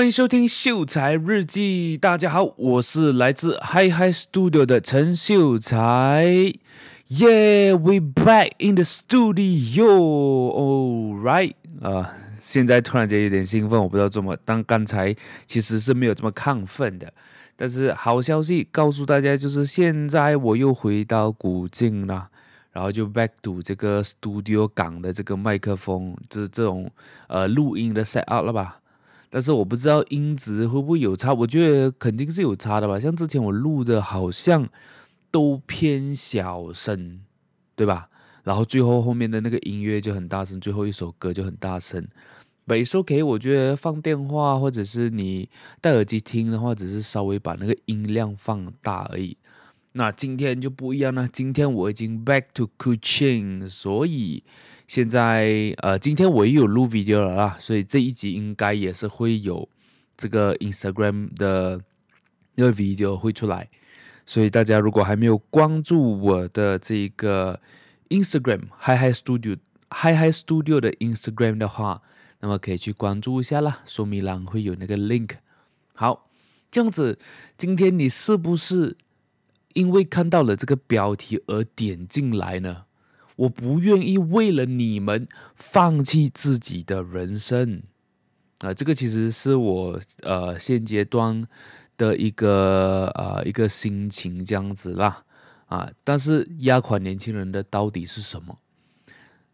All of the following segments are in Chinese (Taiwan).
歡迎收聽《秀財日記》。大家好，我是來自 Hyhy Studio 的陳秀財。Yeah, we back in the studio. All right 啊、呃，現在突然間有點興奮，我不知道怎麼，但剛才其實是沒有這麼亢奮的。但是好消息告訴大家，就是現在我又回到古晉了，然後就 back to 這個 studio 港的這個麥克風，這、就是、這種呃錄音的 set up 了吧。但是我不知道音質會不會有差，我覺得肯定是有差的吧。像之前我錄的，好像都偏小聲，對吧？然後最後後面的那個音樂就很大聲，最後一首歌就很大聲。But it's okay，我覺得放電話或者是你戴耳機聽的話，只是稍微把那個音量放大而已。那今天就不一樣了，今天我已經 back to Kuching，所以。現在呃，今天我也有錄 video 了啦，所以這一集應該也是會有這個 Instagram 的那 video 會出來。所以大家如果還沒有關注我的這個 Instagram Hyhy Studio Hyhy Studio 的 Instagram 的話，那麼可以去關注一下啦。說明欄會有那個 link。好，這樣子，今天你是不是因為看到了這個標題而點進來呢？我不願意為了你們放棄自己的人生，啊，這個其實是我呃現階段的一個呃一個心情這樣子啦，啊，但是壓垮年輕人的到底是什麼？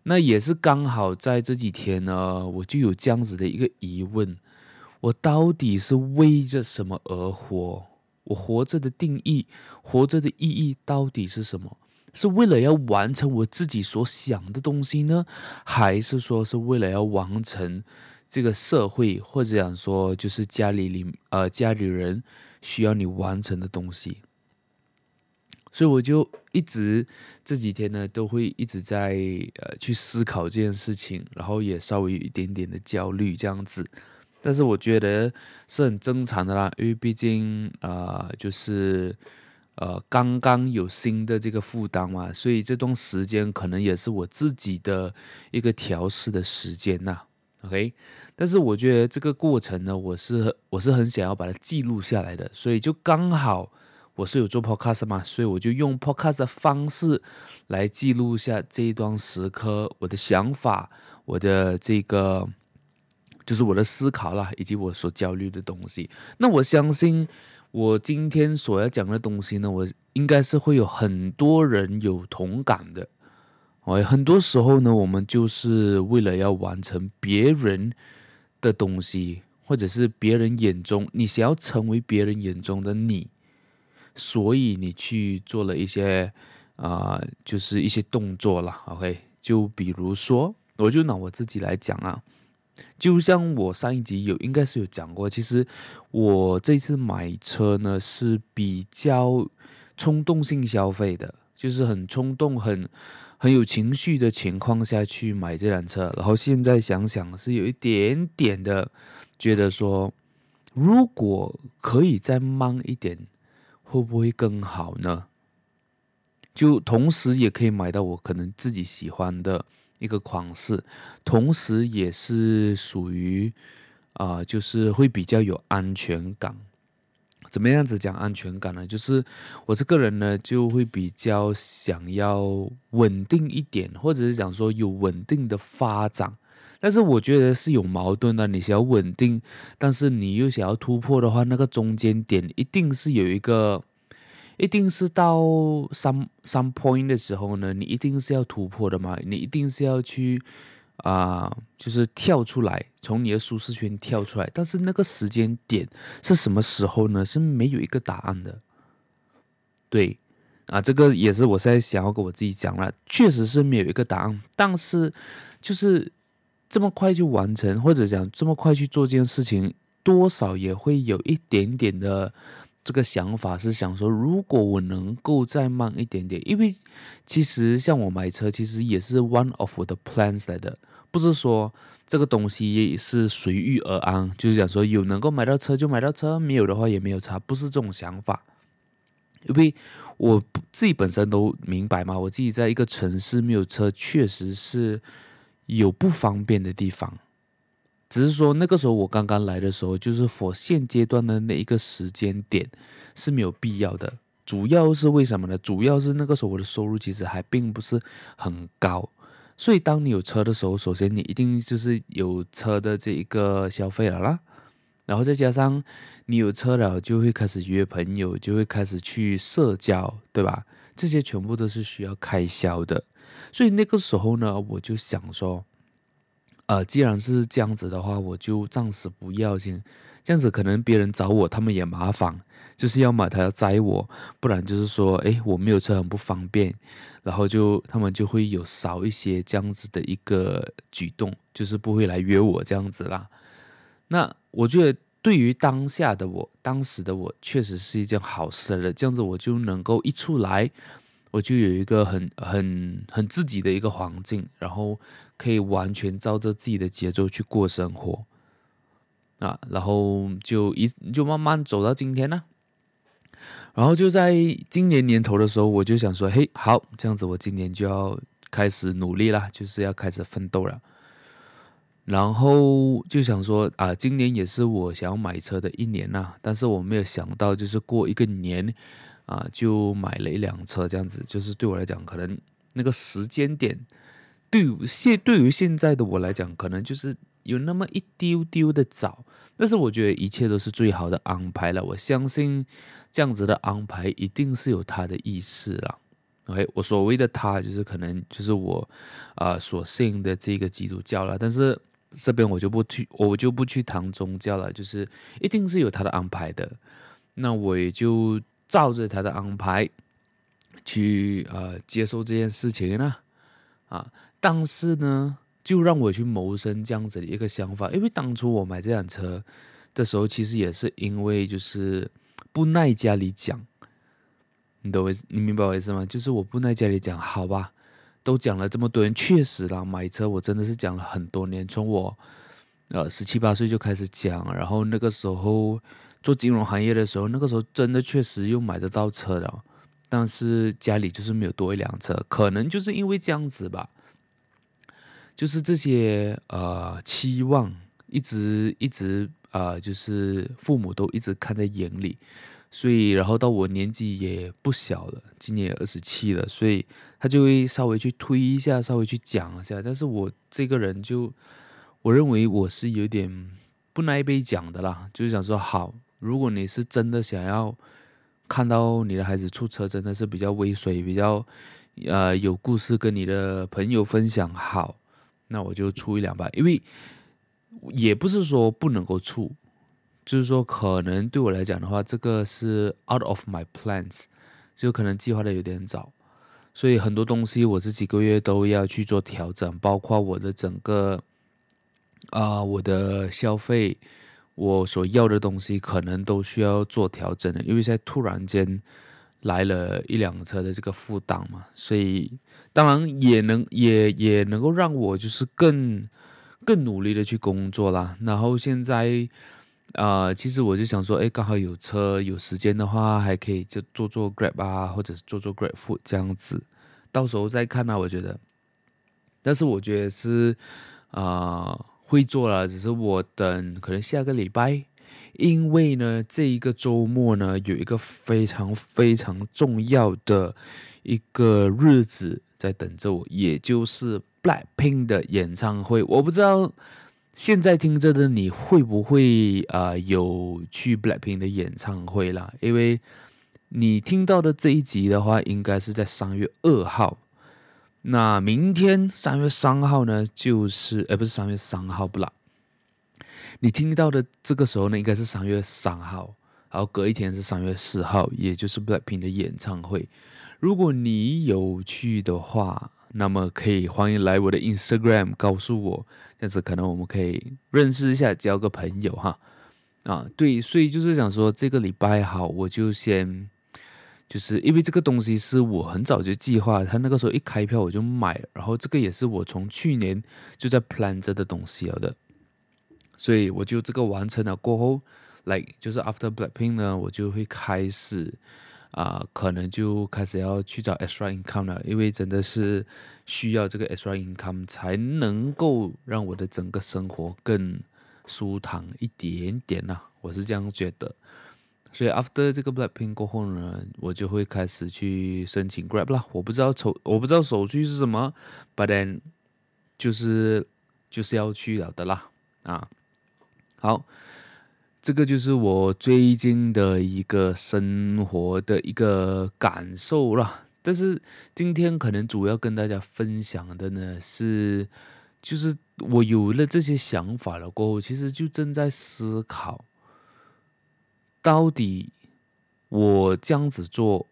那也是剛好在這幾天呢，我就有這樣子的一個疑問，我到底是為着什麼而活？我活着的定義，活着的意義到底是什麼？是為了要完成我自己所想的東西呢，還是說是為了要完成這個社會或者想說就是家裡裡呃家裡人需要你完成的東西？所以我就一直這幾天呢都會一直在呃去思考這件事情，然後也稍微有一點點的焦慮這樣子。但是我覺得是很正常的啦，因為畢竟啊，呃，就是。呃，剛剛有新的這個負擔嘛、啊，所以這段時間可能也是我自己的一個調試的時間吶、啊，OK？但是我覺得這個過程呢，我是我是很想要把它記錄下來的，所以就剛好我是有做 podcast 嘛，所以我就用 podcast 的方式來記錄一下這一段時刻，我的想法，我的這個就是我的思考啦，以及我所焦慮的東西。那我相信。我今天所要講的東西呢，我應該是會有很多人有同感的。我、okay, 很多時候呢，我們就是為了要完成別人的東西，或者是別人眼中你想要成為別人眼中的你，所以你去做了一些啊、呃，就是一些動作啦。OK，就比如說，我就拿我自己來講啊。就像我上一集有，應該是有講過，其實我這次買車呢，是比較衝動性消費的，就是很衝動、很很有情緒的情況下去買這輛車。然後現在想想，是有一點點的覺得說，如果可以再慢一點，會不會更好呢？就同時也可以買到我可能自己喜歡的，一個款式，同時也是屬於啊、呃，就是會比較有安全感。怎麼樣子講安全感呢？就是我這個人呢，就會比較想要穩定一點，或者是講說有穩定的發展。但是我覺得是有矛盾的，你想要穩定，但是你又想要突破的話，那個中間點一定是有一個。一定是到 some point 的時候呢，你一定是要突破的嘛，你一定是要去啊、呃，就是跳出來，從你的舒適圈跳出來。但是那個時間點是什麼時候呢？是沒有一個答案的。對，啊、呃，這個也是我在想要跟我自己講了，確實是沒有一個答案。但是就是這麼快就完成，或者講這麼快去做這件事情，多少也會有一點點的。這個想法是想說，如果我能夠再慢一點點，因為其實像我買車，其實也是 one of the plans 來的，不是說這個東西是隨遇而安，就是想說有能夠買到車就買到車，沒有的話也沒有差，不是這種想法。因為我自己本身都明白嘛，我自己在一個城市沒有車，確實是有不方便的地方。只是說那個時候我剛剛來的時候，就是 for 現階段的那一個時間點是沒有必要的。主要是為什麼呢？主要是那個時候我的收入其實還並不是很高。所以當你有車的時候，首先你一定就是有車的這一個消費了啦。然後再加上你有車了，就會開始約朋友，就會開始去社交，對吧？這些全部都是需要開銷的。所以那個時候呢，我就想說。呃，既然是這樣子的話，我就暫時不要先這樣子，可能別人找我，他們也麻煩，就是要嘛他要載我，不然就是說，哎，我沒有車很不方便，然後就他們就會有少一些這樣子的一個舉動，就是不會來約我這樣子啦。那我覺得對於當下的我，當時的我確實是一件好事了，這樣子我就能夠一出來。我就有一個很很很自己的一個環境，然後可以完全照着自己的節奏去過生活啊，然後就一就慢慢走到今天呢、啊。然後就在今年年頭的時候，我就想說，嘿，好，這樣子我今年就要開始努力啦，就是要開始奮鬥了。然後就想說啊，今年也是我想買車的一年吶、啊，但是我沒有想到，就是過一個年。啊，就買了一輛車，這樣子就是對我來講，可能那個時間點，對於現對於現在的我來講，可能就是有那麼一丟丟的早。但是我覺得一切都是最好的安排了，我相信這樣子的安排一定是有他的意思了。OK，我所謂的他就是可能就是我啊、呃、所信的這個基督教了，但是這邊我就不去，我就不去談宗教了，就是一定是有他的安排的。那我也就。照着他的安排去呃接受這件事情呢，啊，但是呢，就讓我去謀生這樣子的一個想法，因為當初我買這輛車的時候，其實也是因為就是不耐家裡講，你懂我意思，你明白我意思嗎？就是我不耐家裡講，好吧，都講了這麼多年，確實啦，買車我真的是講了很多年，從我呃十七八歲就開始講，然後那個時候。做金融行業的時候，那個時候真的確實又買得到車的，但是家裡就是沒有多一輛車，可能就是因為這樣子吧。就是這些呃期望一直一直呃，就是父母都一直看在眼裡，所以然後到我年紀也不小了，今年也二十七了，所以他就會稍微去推一下，稍微去講一下，但是我這個人就我認為我是有點不耐被講的啦，就是想說好。如果你是真的想要看到你的孩子出車，真的是比較威水，比較呃有故事，跟你的朋友分享好，那我就出一兩百。因為也不是說不能夠出，就是說可能對我來講的話，這個是 out of my plans，就可能計劃的有點早，所以很多東西我這幾個月都要去做調整，包括我的整個啊、呃、我的消費。我所要的東西可能都需要做調整的，因為現在突然間來了一輛車的這個負擔嘛，所以當然也能也也能夠讓我就是更更努力的去工作啦。然後現在，呃，其實我就想說，哎，剛好有車有時間的話，還可以就做做 Grab 啊，或者是做做 Grab Food 這樣子，到時候再看啊。我覺得，但是我覺得是啊。呃會做了，只是我等可能下個禮拜，因為呢，這一個周末呢，有一個非常非常重要的一個日子在等着我，也就是 Blackpink 的演唱會。我不知道現在聽着的你會不會啊、呃、有去 Blackpink 的演唱會啦，因為你聽到的這一集的話，應該是在三月二號。那明天三月三號呢，就是，呃，不是三月三號，不啦。你聽到的這個時候呢，應該是三月三號，然後隔一天是三月四號，也就是 BLACKPINK 的演唱會。如果你有去的話，那麼可以歡迎來我的 Instagram 告訴我，這樣子可能我們可以認識一下，交個朋友哈。啊，對，所以就是想說這個禮拜好，我就先。就是因為這個東西是我很早就計劃，他那個時候一開票我就買，然後這個也是我從去年就在 plan 這的東西要的，所以我就這個完成了過後，來、like, 就是 after Blackpink 呢，我就會開始啊、呃，可能就開始要去找 extra income 了，因為真的是需要這個 extra income 才能夠讓我的整個生活更舒坦一點點吶、啊，我是這樣覺得。所以，after 這個 Blackpink 過後呢，我就會開始去申請 grab 啦。我不知道手我不知道手續是什麼，but then 就是就是要去了的啦。啊，好，這個就是我最近的一個生活的一個感受啦。但是今天可能主要跟大家分享的呢是，就是我有了這些想法了過後，其實就正在思考。到底我這樣子做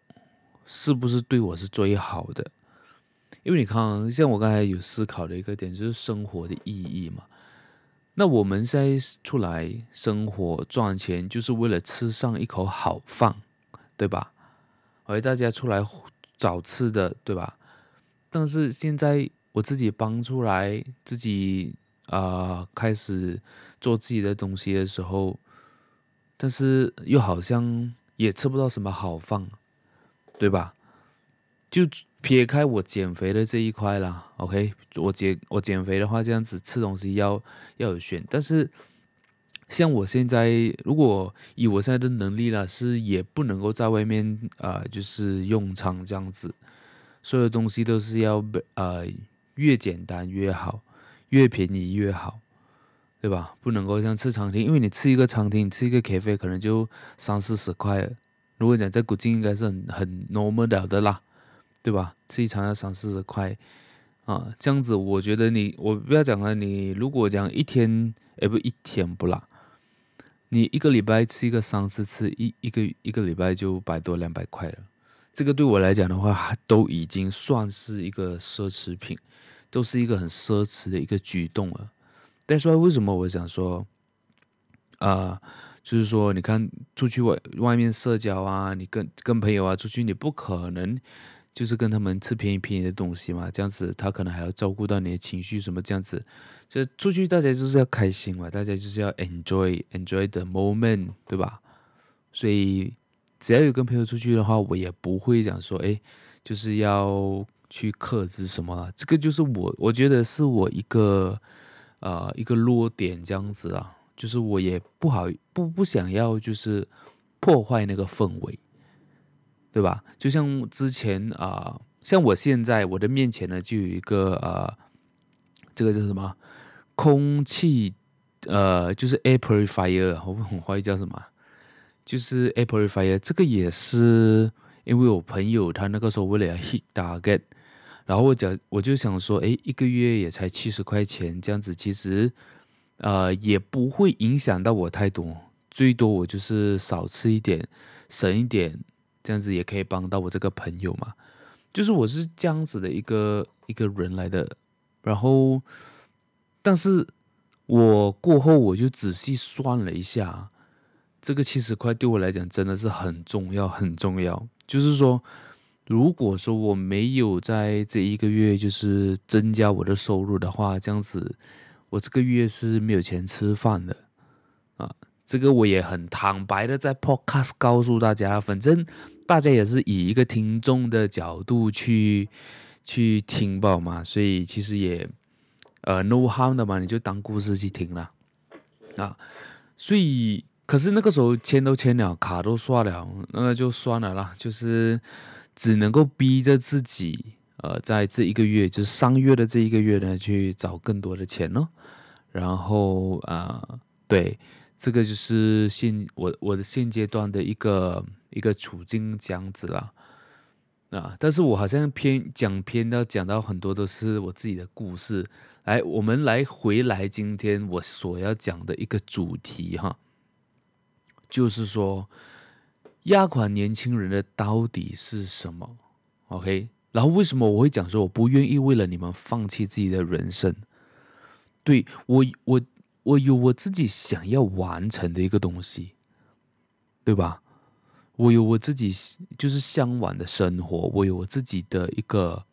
是不是對我是最好的？因為你看，像我剛才有思考的一個點，就是生活的意義嘛。那我們現在出來生活賺錢，就是為了吃上一口好飯，對吧？而大家出來找吃的，對吧？但是現在我自己搬出來，自己啊、呃，開始做自己的東西的時候，但是又好像也吃不到什麼好飯，對吧？就撇開我減肥的這一塊啦。OK，我減我減肥的話，這樣子吃東西要要有選。但是像我現在，如果以我現在的能力啦，是也不能夠在外面啊、呃，就是用餐這樣子。所有東西都是要呃越簡單越好，越便宜越好。對吧？不能夠像吃餐廳，因為你吃一個餐廳，你吃一個咖啡，可能就三四十塊。如果講在古今應該是很很 normal 的了的啦，對吧？吃一餐要三四十塊啊，這樣子，我覺得你，我不要講了你。你如果我講一天，哎不，不一天不啦，你一個禮拜吃一個三四次，一一個一個禮拜就百多兩百塊了。這個對我來講的話，都已經算是一個奢侈品，都是一個很奢侈的一個舉動了。但是為什麼我想說，啊、呃，就是說，你看出去外外面社交啊，你跟跟朋友啊出去，你不可能就是跟他們吃便宜便宜的東西嘛，這樣子，他可能還要照顧到你的情緒什麼這樣子。這出去大家就是要開心嘛，大家就是要 enjoy enjoy the moment，對吧？所以只要有跟朋友出去的話，我也不會講說，哎，就是要去克制什麼、啊。這個就是我，我覺得是我一個。呃，一個弱點這樣子啊，就是我也不好不不想要，就是破壞那個氛圍，對吧？就像之前啊、呃，像我現在我的面前呢就有一個呃，這個叫什麼空氣呃，就是 air purifier，我很懷疑叫什麼，就是 air purifier，這個也是因為我朋友他那個時候為了 hit target。然後我講，我就想說，誒，一個月也才七十塊錢，這樣子其實，呃，也不會影響到我太多，最多我就是少吃一點，省一點，這樣子也可以幫到我這個朋友嘛。就是我是這樣子的一個一個人來的。然後，但是我過後我就仔細算了一下，這個七十塊對我來講真的是很重要，很重要。就是說。如果說我沒有在這一個月就是增加我的收入的話，這樣子我這個月是沒有錢吃飯的啊！這個我也很坦白的在 podcast 告訴大家，反正大家也是以一個聽眾的角度去去聽吧嘛，所以其實也呃 no harm 的嘛，你就當故事去聽了啊。所以可是那個時候簽都簽了，卡都刷了，那就算了啦，就是。只能夠逼着自己，呃，在這一個月，就是上月的這一個月呢，去找更多的錢嘍、哦。然後啊、呃，對，這個就是現我我的現階段的一個一個處境這樣子啦。啊、呃，但是我好像偏講偏要講到很多都是我自己的故事。來，我們來回來今天我所要講的一個主題哈，就是說。壓垮年輕人的到底是什麼？OK，然後為什麼我會講說我不願意為了你們放棄自己的人生？對，我，我，我有我自己想要完成的一個東西，對吧？我有我自己就是向往的生活，我有我自己的一個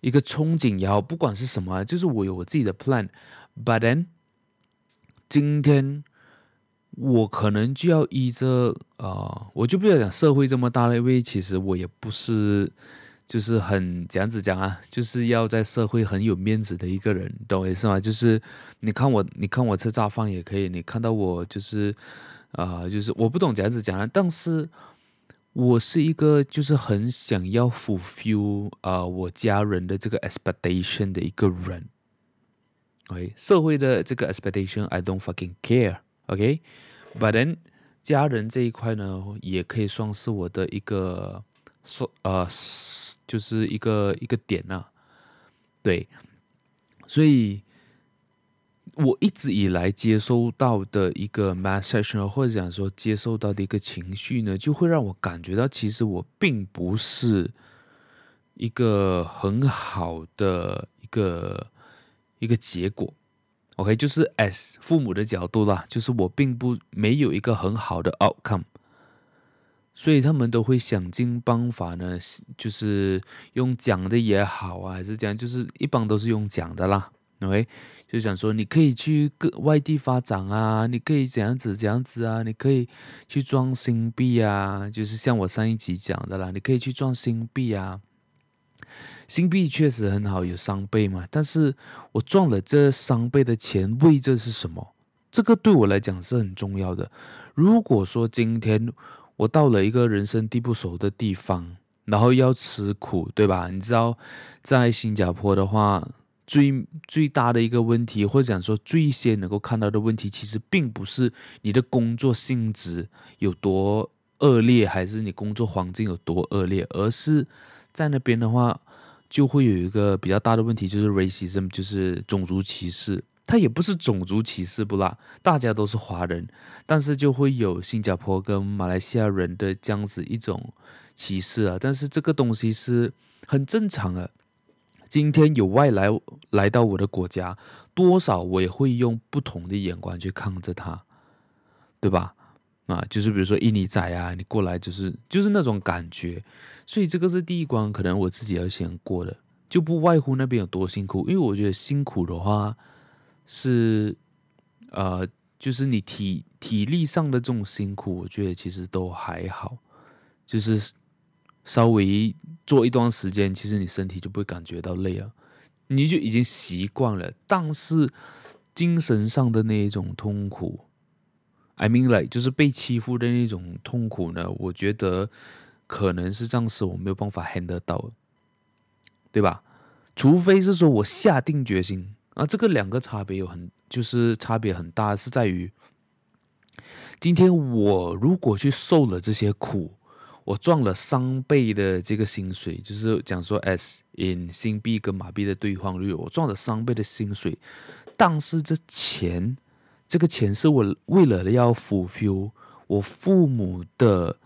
一個憧憬，也好，不管是什麼，就是我有我自己的 plan。But then，今天。我可能就要依着啊、呃，我就不要講社會這麼大了，因為其實我也不是，就是很這樣子講啊，就是要在社會很有面子的一個人，懂我意思嗎？就是你看我，你看我吃炸飯也可以，你看到我就是啊、呃，就是我不懂怎樣子講啊，但是我是一個就是很想要 fulfill 啊、呃、我家人的這個 expectation 的一個人，ok，社會的這個 expectation, I don't fucking care。OK，but then 家人這一塊呢，也可以算是我的一個說呃，就是一個一個點啊。對，所以我一直以來接收到的一個 message，或者講說接受到的一個情緒呢，就會讓我感覺到，其實我並不是一個很好的一個一個結果。OK，就是 as 父母的角度啦，就是我並不沒有一個很好的 outcome，所以他們都會想盡辦法呢，就是用講的也好啊，還是講就是一般都是用講的啦，OK，就想說你可以去個外地發展啊，你可以怎樣子怎樣子啊，你可以去賺新幣啊，就是像我上一集講的啦，你可以去賺新幣啊。新幣確實很好，有三倍嘛？但是我賺了這三倍的錢，為這是什麼？這個對我來講是很重要的。如果說今天我到了一個人生地不熟的地方，然後要吃苦，對吧？你知道，在新加坡的話，最最大的一個問題，或者講說最先能夠看到的問題，其實並不是你的工作性質有多惡劣，還是你工作環境有多惡劣，而是在那邊的話，就會有一個比較大的問題，就是 racism，就是種族歧視。它也不是種族歧視，不啦，大家都是華人，但是就會有新加坡跟馬來西亞人的這樣子一種歧視啊。但是這個東西是很正常的。今天有外來來到我的國家，多少我也會用不同的眼光去看着他，對吧？啊，就是比如說印尼仔啊，你過來就是就是那種感覺，所以這個是第一關，可能我自己要先過的，就不外乎那邊有多辛苦。因為我覺得辛苦的話是，呃，就是你體體力上的這種辛苦，我覺得其實都還好，就是稍微做一段時間，其實你身體就不會感覺到累了，你就已經習慣了。但是精神上的那種痛苦。I mean, like，就是被欺負的那種痛苦呢？我覺得可能是暫時我沒有辦法 handle 到，對吧？除非是說我下定決心啊，這個兩個差別有很，就是差別很大，是在於今天我如果去受了這些苦，我賺了三倍的這個薪水，就是講說，S in 新幣跟馬幣的兌換率，我賺了三倍的薪水，但是這錢。這個錢是我為了要 fulfill 我父母的，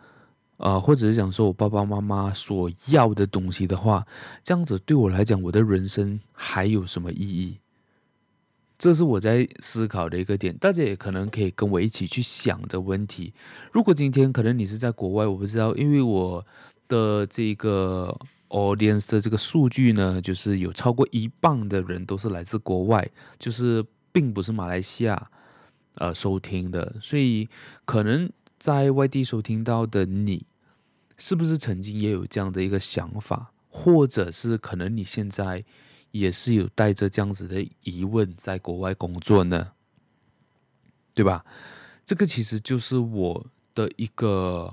呃，或者是講說我爸爸媽媽所要的東西的話，這樣子對我來講，我的人生還有什麼意義？這是我在思考的一個點，大家也可能可以跟我一起去想的問題。如果今天可能你是在國外，我不知道，因為我的這個 audience 的這個數據呢，就是有超過一半的人都是來自國外，就是並不是馬來西亞。呃，收聽的。所以可能在外地收聽到的你，是不是曾經也有這樣的一個想法？或者是可能你現在也是有帶着這樣子的疑問在國外工作呢？對吧？這個其實就是我的一個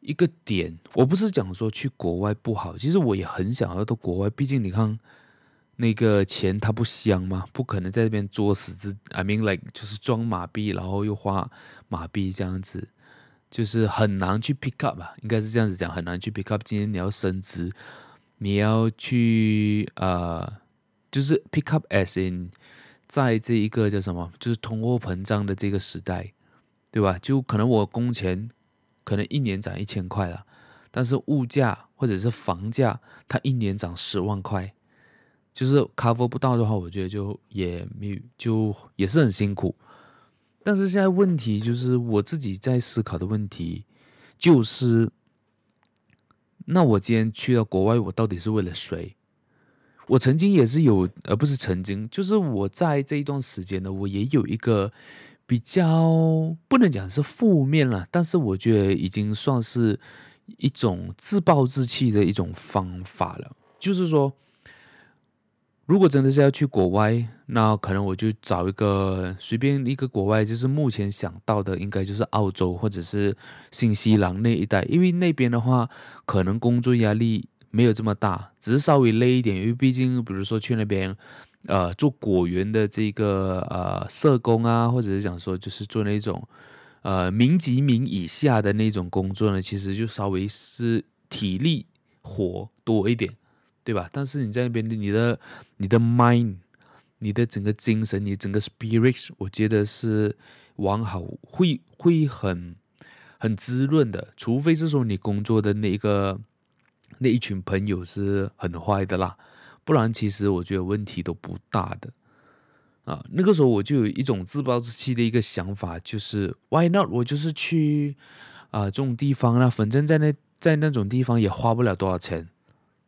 一個點。我不是講說去國外不好，其實我也很想要到國外，畢竟你看。那個錢它不香嗎？不可能在這邊作死之，I mean like 就是裝馬幣，然後又花馬幣這樣子，就是很難去 pick up 嘛、啊，應該是這樣子講，很難去 pick up。今天你要升職，你要去呃，就是 pick up as in 在這一個叫什麼，就是通貨膨脹的這個時代，對吧？就可能我工錢可能一年漲一千塊了，但是物價或者是房價它一年漲十萬塊。就是 cover 不到的話，我覺得就也沒有，就也是很辛苦。但是現在問題就是我自己在思考的問題，就是那我今天去到國外，我到底是為了誰？我曾經也是有，而不是曾經，就是我在這一段時間呢，我也有一個比較不能講是負面了，但是我覺得已經算是一種自暴自棄的一種方法了，就是說。如果真的是要去國外，那可能我就找一個隨便一個國外，就是目前想到的應該就是澳洲或者是新西蘭那一帶，因為那邊的話可能工作壓力沒有這麼大，只是稍微累一點。因為畢竟，比如說去那邊，呃，做果園的這個呃社工啊，或者是講說就是做那種呃民及民以下的那種工作呢，其實就稍微是體力活多一點。對吧？但是你在那邊，你的、你的 mind、你的整個精神、你整個 spirit，我覺得是完好，會會很很滋潤的。除非是說你工作的那一個那一群朋友是很壞的啦，不然其實我覺得問題都不大的。啊，那個時候我就有一種自暴自棄的一個想法，就是 Why not？我就是去啊、呃、這種地方啊，反正在那在那種地方也花不了多少錢，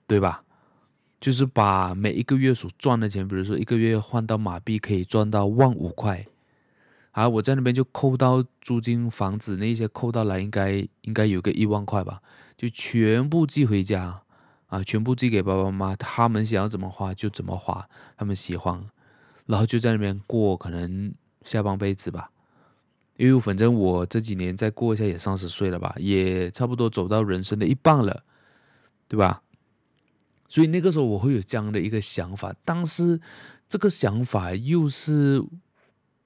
對吧？就是把每一個月所賺的錢，比如說一個月換到馬幣可以賺到萬五塊，啊，我在那邊就扣到租金、房子那一些扣到來，應該應該有個一萬塊吧，就全部寄回家，啊，全部寄給爸爸媽媽，他們想要怎麼花就怎麼花，他們喜歡，然後就在那邊過可能下半輩子吧，因為反正我這幾年再過一下也三十歲了吧，也差不多走到人生的一半了，對吧？所以那個時候我會有這樣的一個想法，但是這個想法又是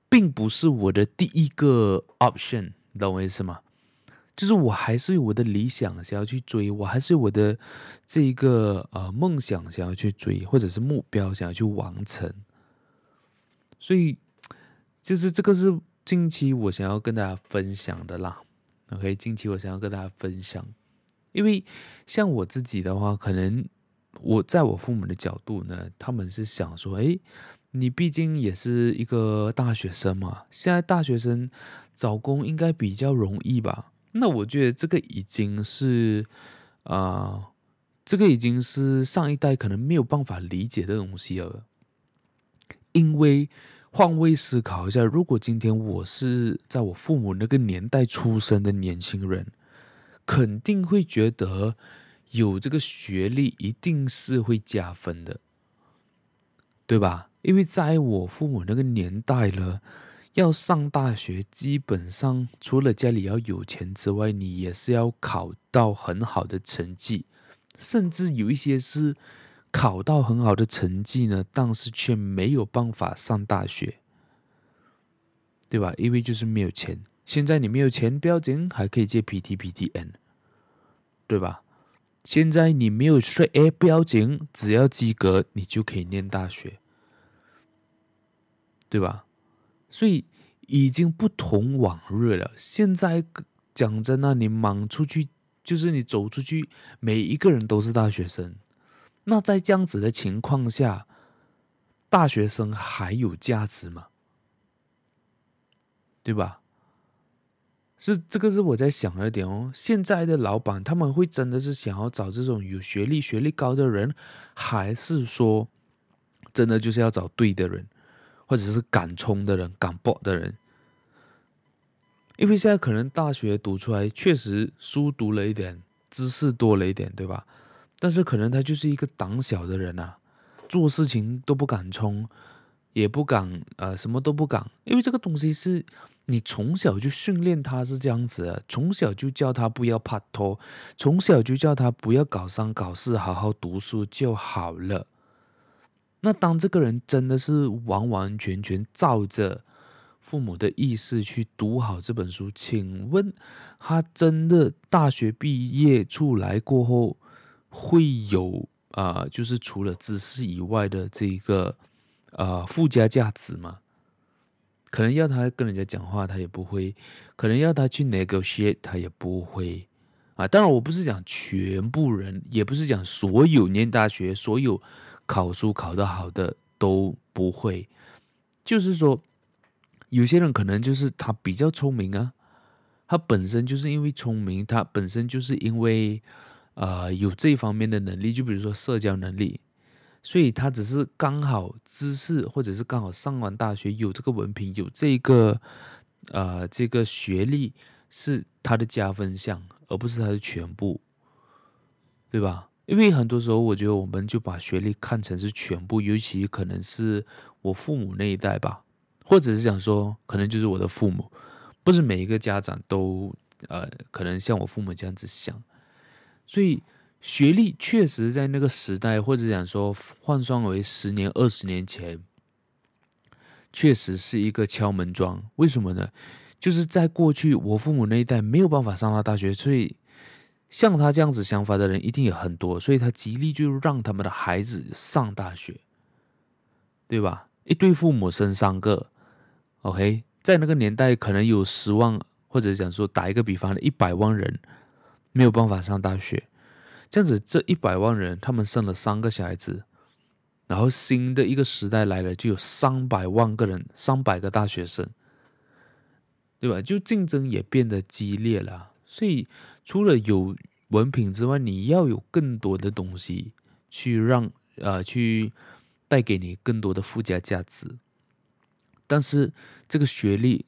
並不是我的第一個 option，你懂我意思嗎？就是我還是有我的理想想要去追，我還是我的這個呃夢想想要去追，或者是目標想要去完成。所以就是這個是近期我想要跟大家分享的啦。OK，近期我想要跟大家分享，因為像我自己的話，可能。我在我父母的角度呢，他們是想說：“哎，你畢竟也是一個大學生嘛，現在大學生找工應該比較容易吧？”那我覺得這個已經是啊、呃，這個已經是上一代可能沒有辦法理解的東西了。因為換位思考一下，如果今天我是在我父母那個年代出生的年輕人，肯定會覺得。有這個學歷一定是會加分的，對吧？因為在我父母那個年代了，要上大學，基本上除了家裡要有錢之外，你也是要考到很好的成績，甚至有一些是考到很好的成績呢，但是卻沒有辦法上大學，對吧？因為就是沒有錢。現在你沒有錢不要緊，還可以借 PTPTN，對吧？現在你沒有睡，哎，不要緊，只要及格，你就可以念大學，對吧？所以已經不同往日了。現在講真，那你忙出去，就是你走出去，每一個人都是大學生。那在這樣子的情況下，大學生還有價值嗎？對吧？是，這個是我在想的點哦，現在的老闆他們會真的是想要找這種有學歷、學歷高的人，還是說，真的就是要找對的人，或者是敢衝的人、敢搏的人？因為現在可能大學讀出來，確實書讀了一點，知識多了一點，對吧？但是可能他就是一個膽小的人啊，做事情都不敢衝，也不敢呃，什麼都不敢，因為這個東西是。你從小就訓練他是這樣子。啊，從小就叫他不要拍拖，從小就叫他不要搞三搞四，好好讀書就好了。那當這個人真的是完完全全照着父母的意思去讀好這本書，請問他真的大學畢業出來過後，會有啊、呃，就是除了知識以外的這個呃附加價值嗎？可能要他跟人家講話，他也不會；可能要他去 negotiate，他也不會。啊，當然我不是講全部人，也不是講所有念大學、所有考書考得好的都不會。就是說，有些人可能就是他比較聰明啊，他本身就是因為聰明，他本身就是因為啊、呃、有這一方面的能力，就比如說社交能力。所以他只是剛好知識，或者是剛好上完大學有這個文憑，有這個，呃，這個學歷是他的加分項，而不是他的全部，對吧？因為很多時候，我覺得我們就把學歷看成是全部，尤其可能是我父母那一代吧，或者是想說，可能就是我的父母，不是每一個家長都呃，可能像我父母這樣子想，所以。學歷確實，在那個時代，或者講說換算為十年、二十年前，確實是一個敲門磚。為什麼呢？就是在過去，我父母那一代沒有辦法上到大學，所以像他這樣子想法的人一定有很多，所以他極力就讓他們的孩子上大學，對吧？一對父母生三個，OK，在那個年代，可能有十萬，或者講說打一個比方的一百萬人沒有辦法上大學。這樣子，這一百萬人，他們生了三個小孩子，然後新的一個時代來了，就有三百萬個人，三百個大學生，對吧？就競爭也變得激烈了。所以，除了有文憑之外，你要有更多的東西去讓呃，去帶給你更多的附加價值。但是，這個學歷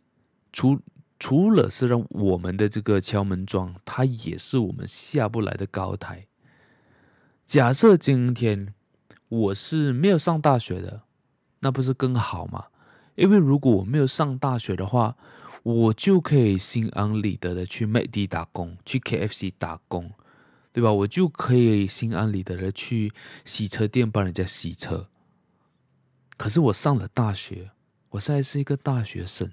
除除了是讓我們的這個敲門磚，它也是我們下不來的高台。假設今天我是沒有上大學的，那不是更好嗎？因為如果我沒有上大學的話，我就可以心安理得的去美帝打工，去 KFC 打工，對吧？我就可以心安理得的去洗車店幫人家洗車。可是我上了大學，我現在是一個大學生，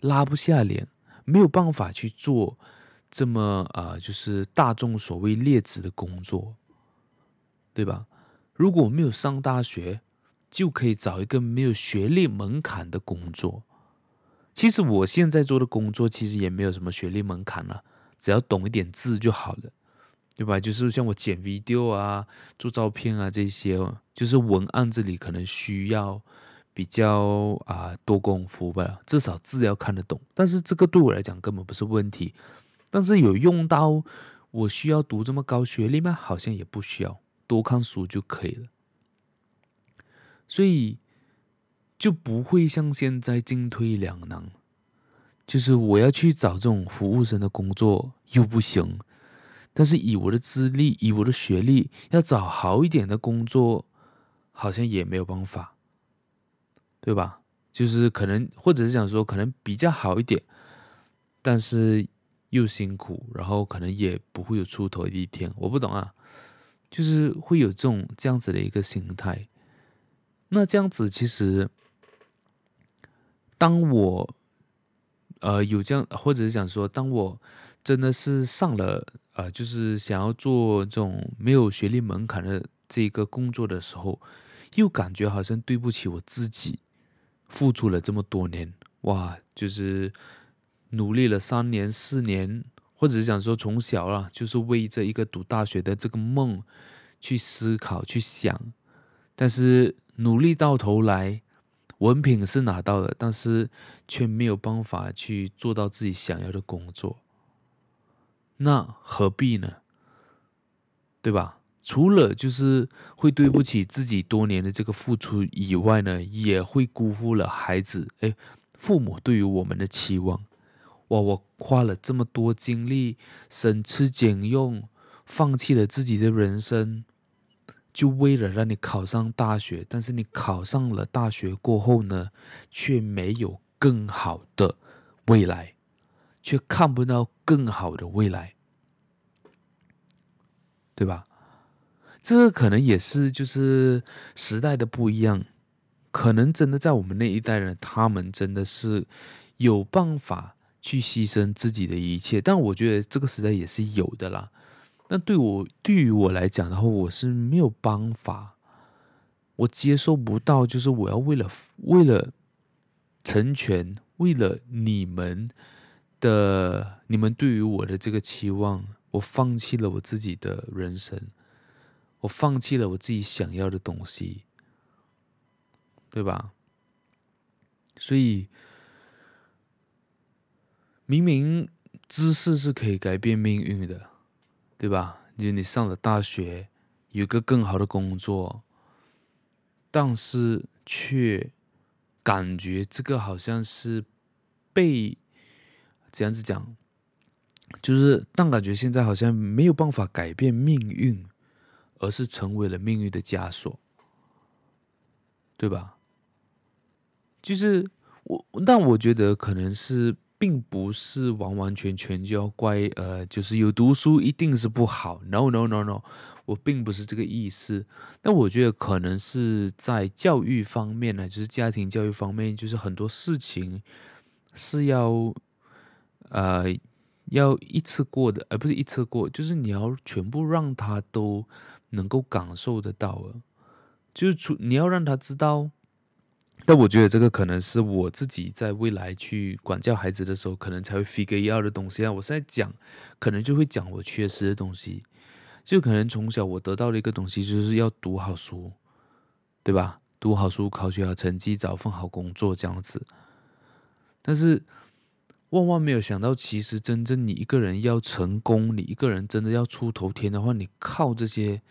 拉不下臉，沒有辦法去做這麼呃，就是大眾所謂劣質的工作。對吧？如果我沒有上大學，就可以找一個沒有學歷門檻的工作。其實我現在做的工作其實也沒有什麼學歷門檻了，只要懂一點字就好了，對吧？就是像我剪 video 啊、做照片啊這些哦，就是文案這裡可能需要比較啊、呃、多功夫吧，至少字要看得懂。但是這個對我來講根本不是問題，但是有用到我需要讀這麼高學歷嗎？好像也不需要。多看書就可以了，所以就不會像現在進退兩難。就是我要去找這種服務生的工作又不行，但是以我的資歷、以我的學歷要找好一點的工作，好像也沒有辦法，對吧？就是可能，或者是想說可能比較好一點，但是又辛苦，然後可能也不會有出頭的一天。我不懂啊。就是會有這種這樣子的一個心態，那這樣子其實，當我，呃，有這樣，或者是想說，當我真的是上了，呃，就是想要做這種沒有學歷門檻的這個工作的時候，又感覺好像對不起我自己，付出了這麼多年，哇，就是努力了三年四年。或者是想說，從小啊，就是為着一個讀大學的這個夢去思考、去想，但是努力到頭來，文憑是拿到了，但是卻沒有辦法去做到自己想要的工作，那何必呢？對吧？除了就是會對不起自己多年的這個付出以外呢，也會辜負了孩子，誒，父母對於我們的期望。我我花了這麼多精力，省吃儉用，放棄了自己的人生，就為了讓你考上大學。但是你考上了大學過後呢，卻沒有更好的未來，卻看不到更好的未來，對吧？這個可能也是就是時代的不一樣，可能真的在我們那一代人，他們真的是有辦法。去犧牲自己的一切，但我覺得這個時代也是有的啦。但對我，對於我來講的話，然後我是沒有辦法，我接受不到，就是我要為了為了成全，為了你們的你們對於我的這個期望，我放棄了我自己的人生，我放棄了我自己想要的東西，對吧？所以。明明知識是可以改變命運的，對吧？就你上了大學，有個更好的工作，但是卻感覺這個好像是被怎樣子講，就是，但感覺現在好像沒有辦法改變命運，而是成為了命運的枷鎖，對吧？就是我，但我覺得可能是。並不是完完全全就要怪，呃，就是有讀書一定是不好。No No No No，我並不是這個意思。那我覺得可能是在教育方面呢，就是家庭教育方面，就是很多事情是要，呃，要一次過的，而、呃、不是一次過，就是你要全部讓他都能夠感受得到就是出，你要讓他知道。但我覺得這個可能是我自己在未來去管教孩子的時候，可能才會 figure out 的東西啊。我現在講，可能就會講我缺失的東西，就可能從小我得到的一個東西，就是要讀好書，對吧？讀好書，考取好成績，找份好工作，這樣子。但是萬萬沒有想到，其實真正你一個人要成功，你一個人真的要出頭天的話，你靠這些，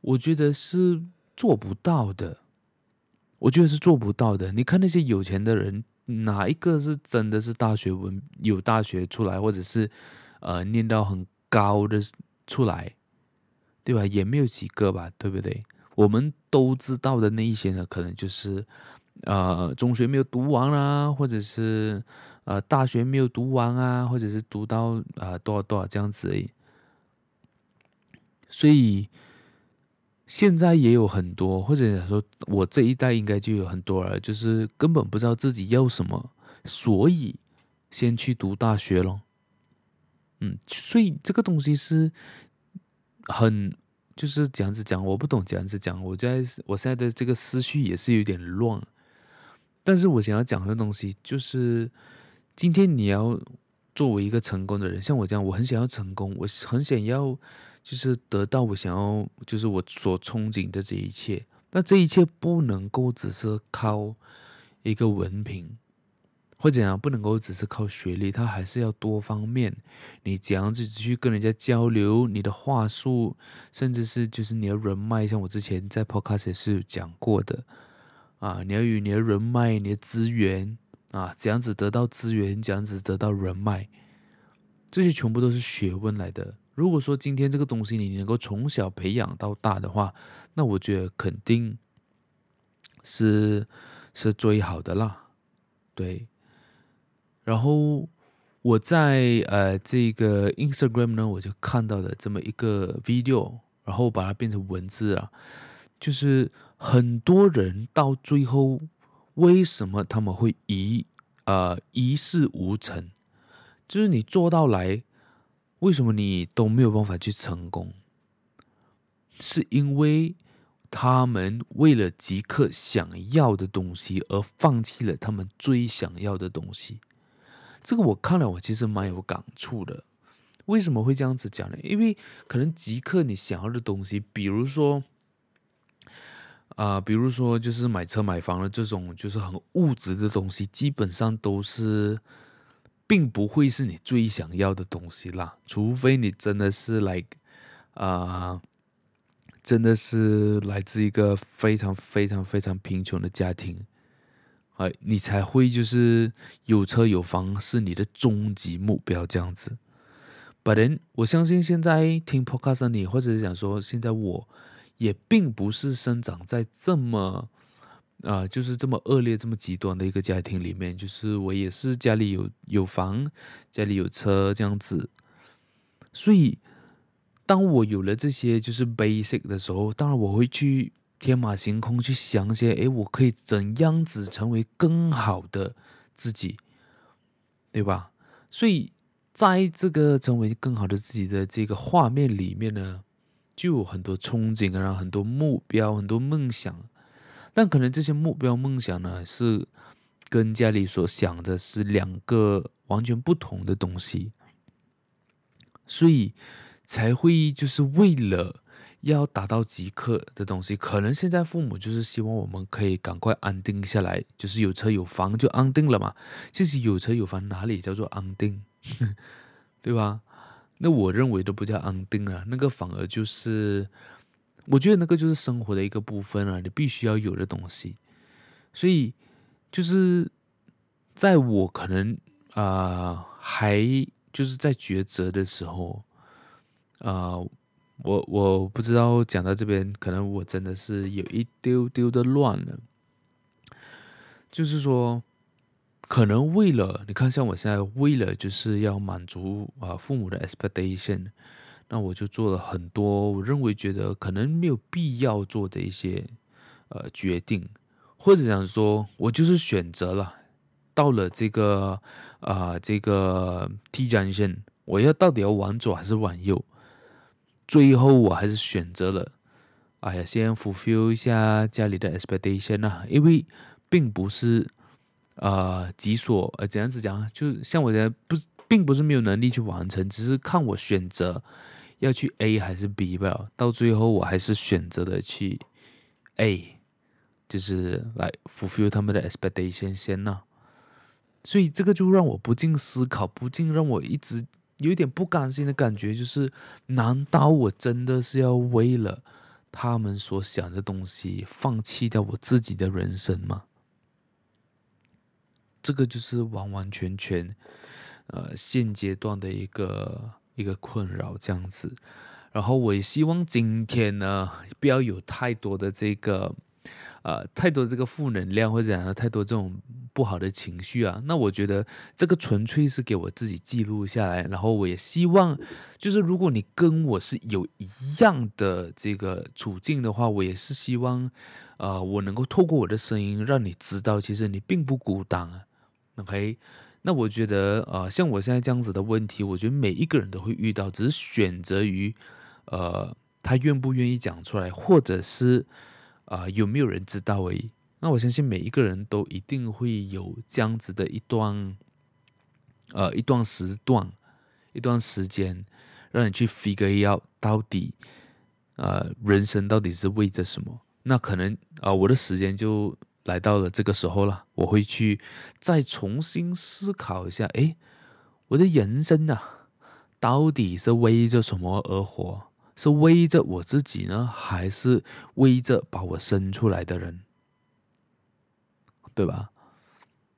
我覺得是做不到的。我覺得是做不到的。你看那些有錢的人，哪一個是真的是大學文有大學出來，或者是，呃，念到很高的出來，對吧？也沒有幾個吧，對不對？我們都知道的那一些呢，可能就是，呃，中學沒有讀完啊，或者是，呃，大學沒有讀完啊，或者是讀到啊、呃、多少多少這樣子而已。所以。現在也有很多，或者講說，我這一代應該就有很多了，就是根本不知道自己要什麼，所以先去讀大學咯。嗯，所以這個東西是很，就是這樣子講，我不懂這樣子講，我在我現在的這個思緒也是有點亂。但是我想要講的東西就是，今天你要作為一個成功的人，像我這樣，我很想要成功，我很想要。就是得到我想要，就是我所憧憬的這一切。那這一切不能夠只是靠一個文憑，或者怎樣，不能夠只是靠學歷，它還是要多方面。你怎樣子去跟人家交流，你的話術，甚至是就是你的人脈，像我之前在 Podcast 也是有講過的啊，你要與你的人脈，你的資源啊，怎樣子得到資源，怎樣子得到人脈，這些全部都是學問來的。如果說今天這個東西你能夠從小培養到大的話，那我覺得肯定是是最好的啦。對，然後我在呃這個 Instagram 呢，我就看到了這麼一個 video，然後把它變成文字啊，就是很多人到最後為什麼他們會一呃一事無成，就是你做到來。為什麼你都沒有辦法去成功？是因為他們為了即刻想要的東西而放棄了他們最想要的東西。這個我看了，我其實蠻有感觸的。為什麼會這樣子講呢？因為可能即刻你想要的東西，比如說啊、呃，比如說就是買車買房的這種，就是很物質的東西，基本上都是。並不會是你最想要的東西啦，除非你真的是來，啊，真的是來自一個非常非常非常貧窮的家庭，哎、呃，你才會就是有車有房是你的終極目標這樣子。本人我相信現在聽 Podcast 的你，或者是講說現在我也並不是生長在這麼。啊、呃，就是這麼惡劣、這麼極端的一個家庭裡面，就是我也是家裡有有房，家裡有車這樣子，所以當我有了這些就是 basic 的時候，當然我會去天馬行空去想一些，哎，我可以怎樣子成為更好的自己，對吧？所以在這個成為更好的自己的這個畫面裡面呢，就有很多憧憬啊，很多目標，很多夢想。但可能這些目標夢想呢，是跟家裡所想的是兩個完全不同的東西，所以才會就是為了要達到即刻的東西。可能現在父母就是希望我們可以趕快安定下來，就是有車有房就安定了嘛。其實有車有房哪裡叫做安定？ 對吧？那我認為都不叫安定了，那個反而就是。我覺得那個就是生活的一個部分了、啊，你必須要有的東西。所以，就是在我可能啊、呃，還就是在抉擇的時候，啊、呃，我我不知道講到這邊，可能我真的是有一丟丟的亂了。就是說，可能為了你看，像我現在為了就是要滿足啊父母的 expectation。那我就做了很多我認為覺得可能沒有必要做的一些呃決定，或者想說，我就是選擇了到了這個啊、呃、這個 T 戰線，我要到底要往左還是往右？最後我還是選擇了，哎呀，先 fulfill 一下家裡的 expectation 啊，因為並不是啊，幾所呃怎樣子講，就像我覺不並不是沒有能力去完成，只是看我選擇。要去 A 還是 B 吧？到最後我還是選擇了去 A，就是來 fulfill 他們的 expectation 先吶、啊。所以這個就讓我不禁思考，不禁讓我一直有點不甘心的感覺，就是難道我真的是要為了他們所想的東西，放棄掉我自己的人生嗎？這個就是完完全全，呃，現階段的一個。一個困擾這樣子，然後我也希望今天呢，不要有太多的這個，呃，太多這個負能量或者講太多這種不好的情緒啊。那我覺得這個純粹是給我自己記錄下來，然後我也希望，就是如果你跟我是有一樣的這個處境的話，我也是希望，呃，我能夠透過我的聲音讓你知道，其實你並不孤單啊，OK。那我覺得，呃，像我現在這樣子的問題，我覺得每一個人都會遇到，只是選擇於，呃，他願不願意講出來，或者是，呃，有沒有人知道而已。那我相信每一個人都一定會有這樣子的一段，呃，一段時段，一段時間，讓你去 figure out 到底，呃，人生到底是為着什麼？那可能，啊，呃，我的時間就。來到了這個時候了，我會去再重新思考一下。誒，我的人生啊，到底是為着什麼而活？是為着我自己呢，還是為着把我生出來的人？對吧？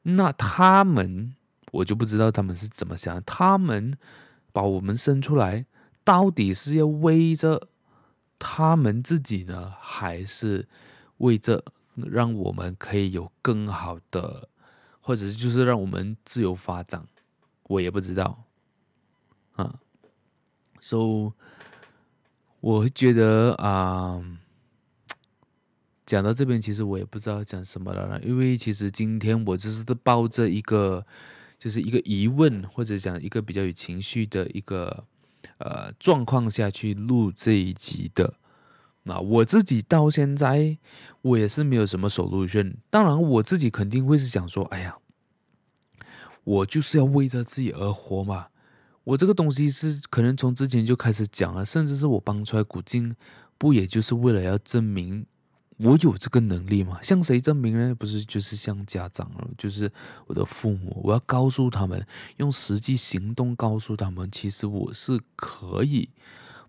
那他們，我就不知道他們是怎麼想。他們把我們生出來，到底是要為着他們自己呢，還是為着？讓我們可以有更好的，或者就是讓我們自由發展，我也不知道，啊，so, 我覺得啊、呃，講到這邊其實我也不知道講什麼了啦，因為其實今天我就是抱着一個，就是一個疑問或者講一個比較有情緒的一個呃狀況下去錄這一集的。那我自己到現在，我也是沒有什麼 solution，當然，我自己肯定會是想說：“哎呀，我就是要為着自己而活嘛。”我這個東西是可能從之前就開始講了，甚至是我幫出來古靜，不也就是為了要證明我有這個能力嗎？向誰證明呢？不是就是向家長了，就是我的父母。我要告訴他們，用實際行動告訴他們，其實我是可以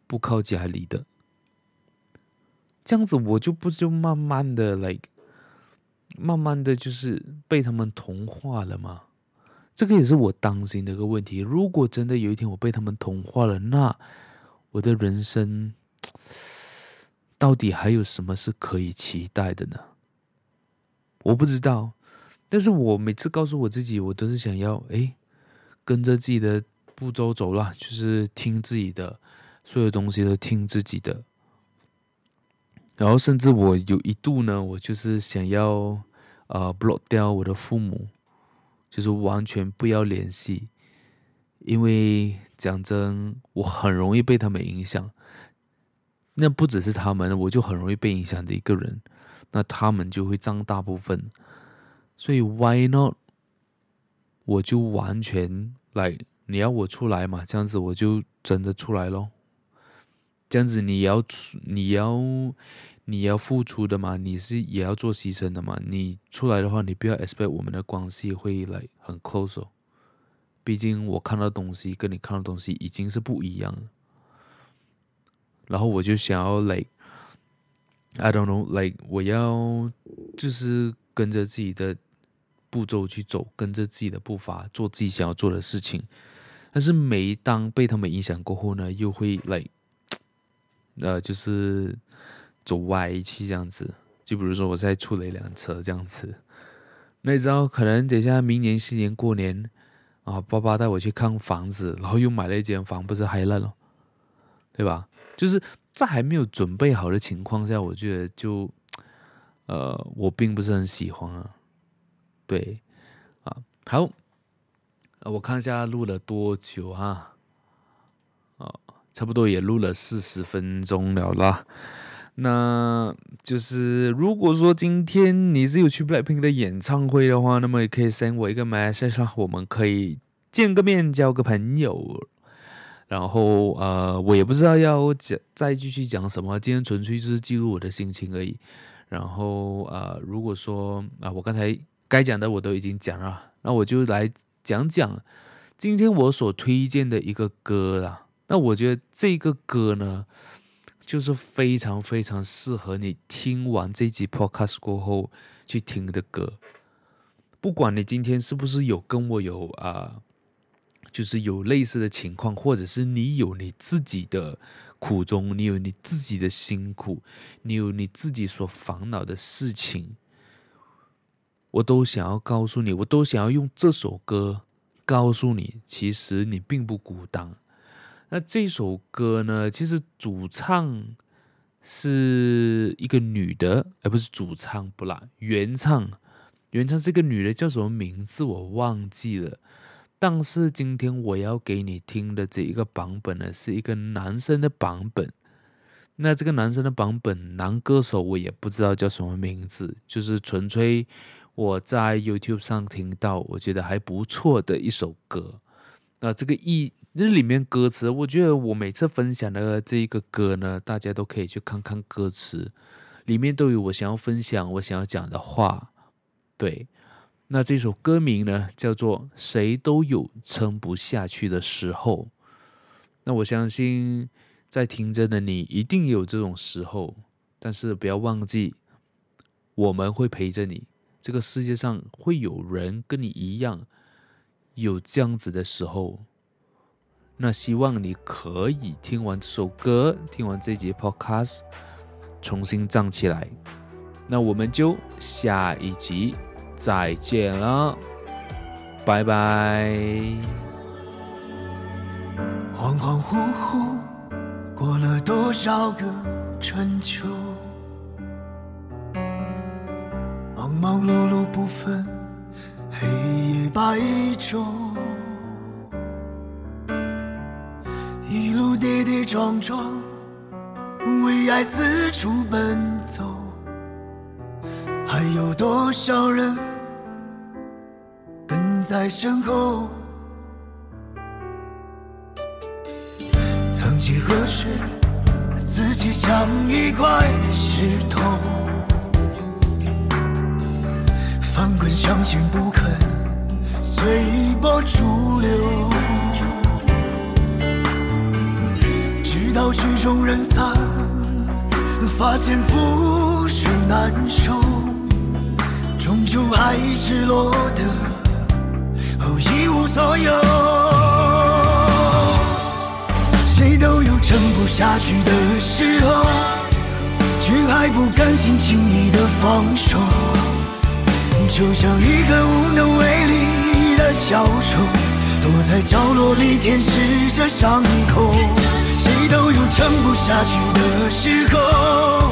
不靠家裡的。這樣子我就不就慢慢的來、like，慢慢的就是被他們同化了嗎？這個也是我擔心的一個問題。如果真的有一天我被他們同化了，那我的人生到底還有什麼是可以期待的呢？我不知道。但是我每次告訴我自己，我都是想要，哎，跟着自己的步驟走啦，就是聽自己的，所有東西都聽自己的。然後，甚至我有一度呢，我就是想要，呃，block 掉我的父母，就是完全不要聯繫，因為講真，我很容易被他們影響。那不只是他們，我就很容易被影響的一個人。那他們就會佔大部分，所以 why not？我就完全來，你要我出來嘛，這樣子我就真的出來咯。這樣子，你要出，你要，你要付出的嘛，你是也要做犧牲的嘛。你出來的話，你不要 expect 我們的關係會來、like、很 close、哦。畢竟我看到東西跟你看到東西已經是不一樣了。然後我就想要 like，I don't know like 我要就是跟着自己的步驟去走，跟着自己的步伐做自己想要做的事情。但是每當被他們影響過後呢，又會 like。呃，就是走歪去這樣子，就比如說我再出了一輛車這樣子，那你知道可能等下明年新年過年，啊，爸爸帶我去看房子，然後又買了一間房，不是還爛了，對吧？就是在還沒有準備好的情況下，我覺得就，呃，我並不是很喜歡啊，對，啊，好，我看一下錄了多久啊？差不多也錄了四十分鐘了啦，那就是如果說今天你是有去 Blackpink 的演唱會的話，那麼也可以 send 我一個 message 啦，我們可以見個面交個朋友。然後呃，我也不知道要講再繼續講什麼，今天純粹就是記錄我的心情而已。然後呃，如果說啊，我剛才該講的我都已經講了，那我就來講講今天我所推薦的一個歌啦。那我覺得這個歌呢，就是非常非常適合你聽完這集 Podcast 過後去聽的歌。不管你今天是不是有跟我有啊、呃，就是有類似的情況，或者是你有你自己的苦衷，你有你自己的辛苦，你有你自己所煩惱的事情，我都想要告訴你，我都想要用這首歌告訴你，其實你並不孤單。那這首歌呢，其實主唱是一個女的，而、呃、不是主唱，不啦，原唱，原唱是一個女的，叫什麼名字我忘記了。但是今天我要給你聽的這一個版本呢，是一個男生的版本。那這個男生的版本，男歌手我也不知道叫什麼名字，就是純粹我在 YouTube 上聽到，我覺得還不錯的一首歌。那這個一。那裡面歌詞，我覺得我每次分享的這一個歌呢，大家都可以去看看歌詞，裡面都有我想要分享、我想要講的話。對，那這首歌名呢叫做《誰都有撐不下去的時候》。那我相信，在聽着的你一定有這種時候，但是不要忘記，我們會陪着你。這個世界上會有人跟你一樣有這樣子的時候。那希望你可以聽完這首歌，聽完這集 podcast，重新站起來。那我們就下一集再見了，拜拜。恍恍惚惚過了多少個春秋，忙忙碌碌不分黑夜白晝。跌跌撞撞，為愛四處奔走，還有多少人跟在身後？曾幾何時，自己像一塊石頭，翻滾向前，不肯隨波逐流。到曲終人散，發現覆水難收，終究還是落得、oh, 一無所有。誰都有撐不下去的時候，卻還不甘心輕易的放手。就像一個無能為力的小丑，躲在角落裡舔舐着傷口。誰都有撐不下去的時候，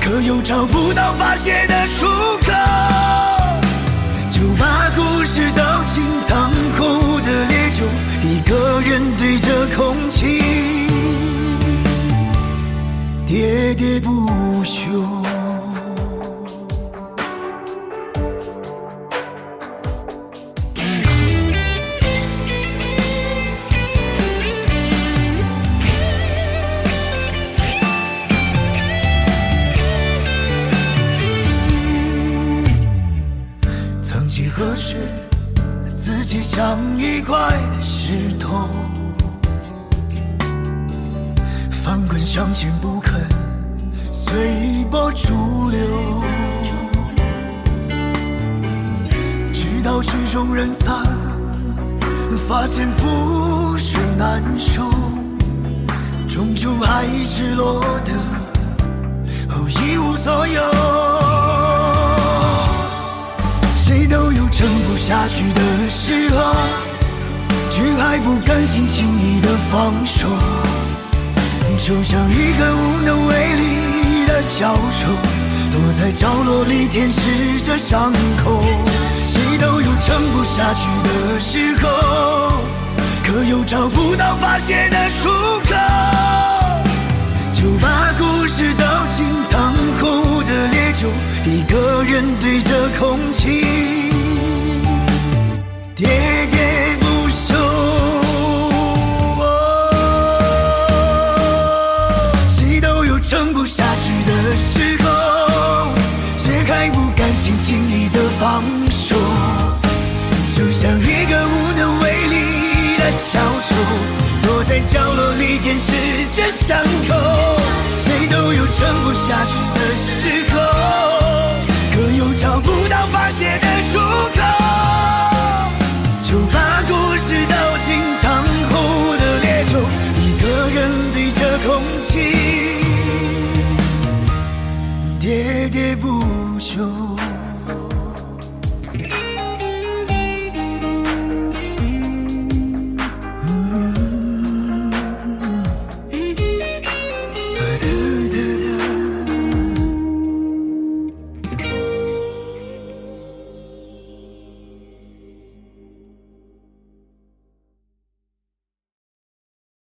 可又找不到發洩的出口，就把故事倒進燙口的烈酒，一個人對着空氣喋喋不休。一塊石頭，翻滾向前，不肯隨波逐流。直到曲終人散，發現覆水難收，終究還是落得一無所有。誰都有撐不下去的時候。卻還不甘心輕易的放手，就像一個無能為力的小丑，躲在角落裡舔舐着傷口。誰都有撐不下去的時候，可又找不到發洩的出口，就把故事倒進燙後的烈酒，一個人對着空氣，喋喋。躲在角落裡舔舐着傷口，誰都有撐不下去。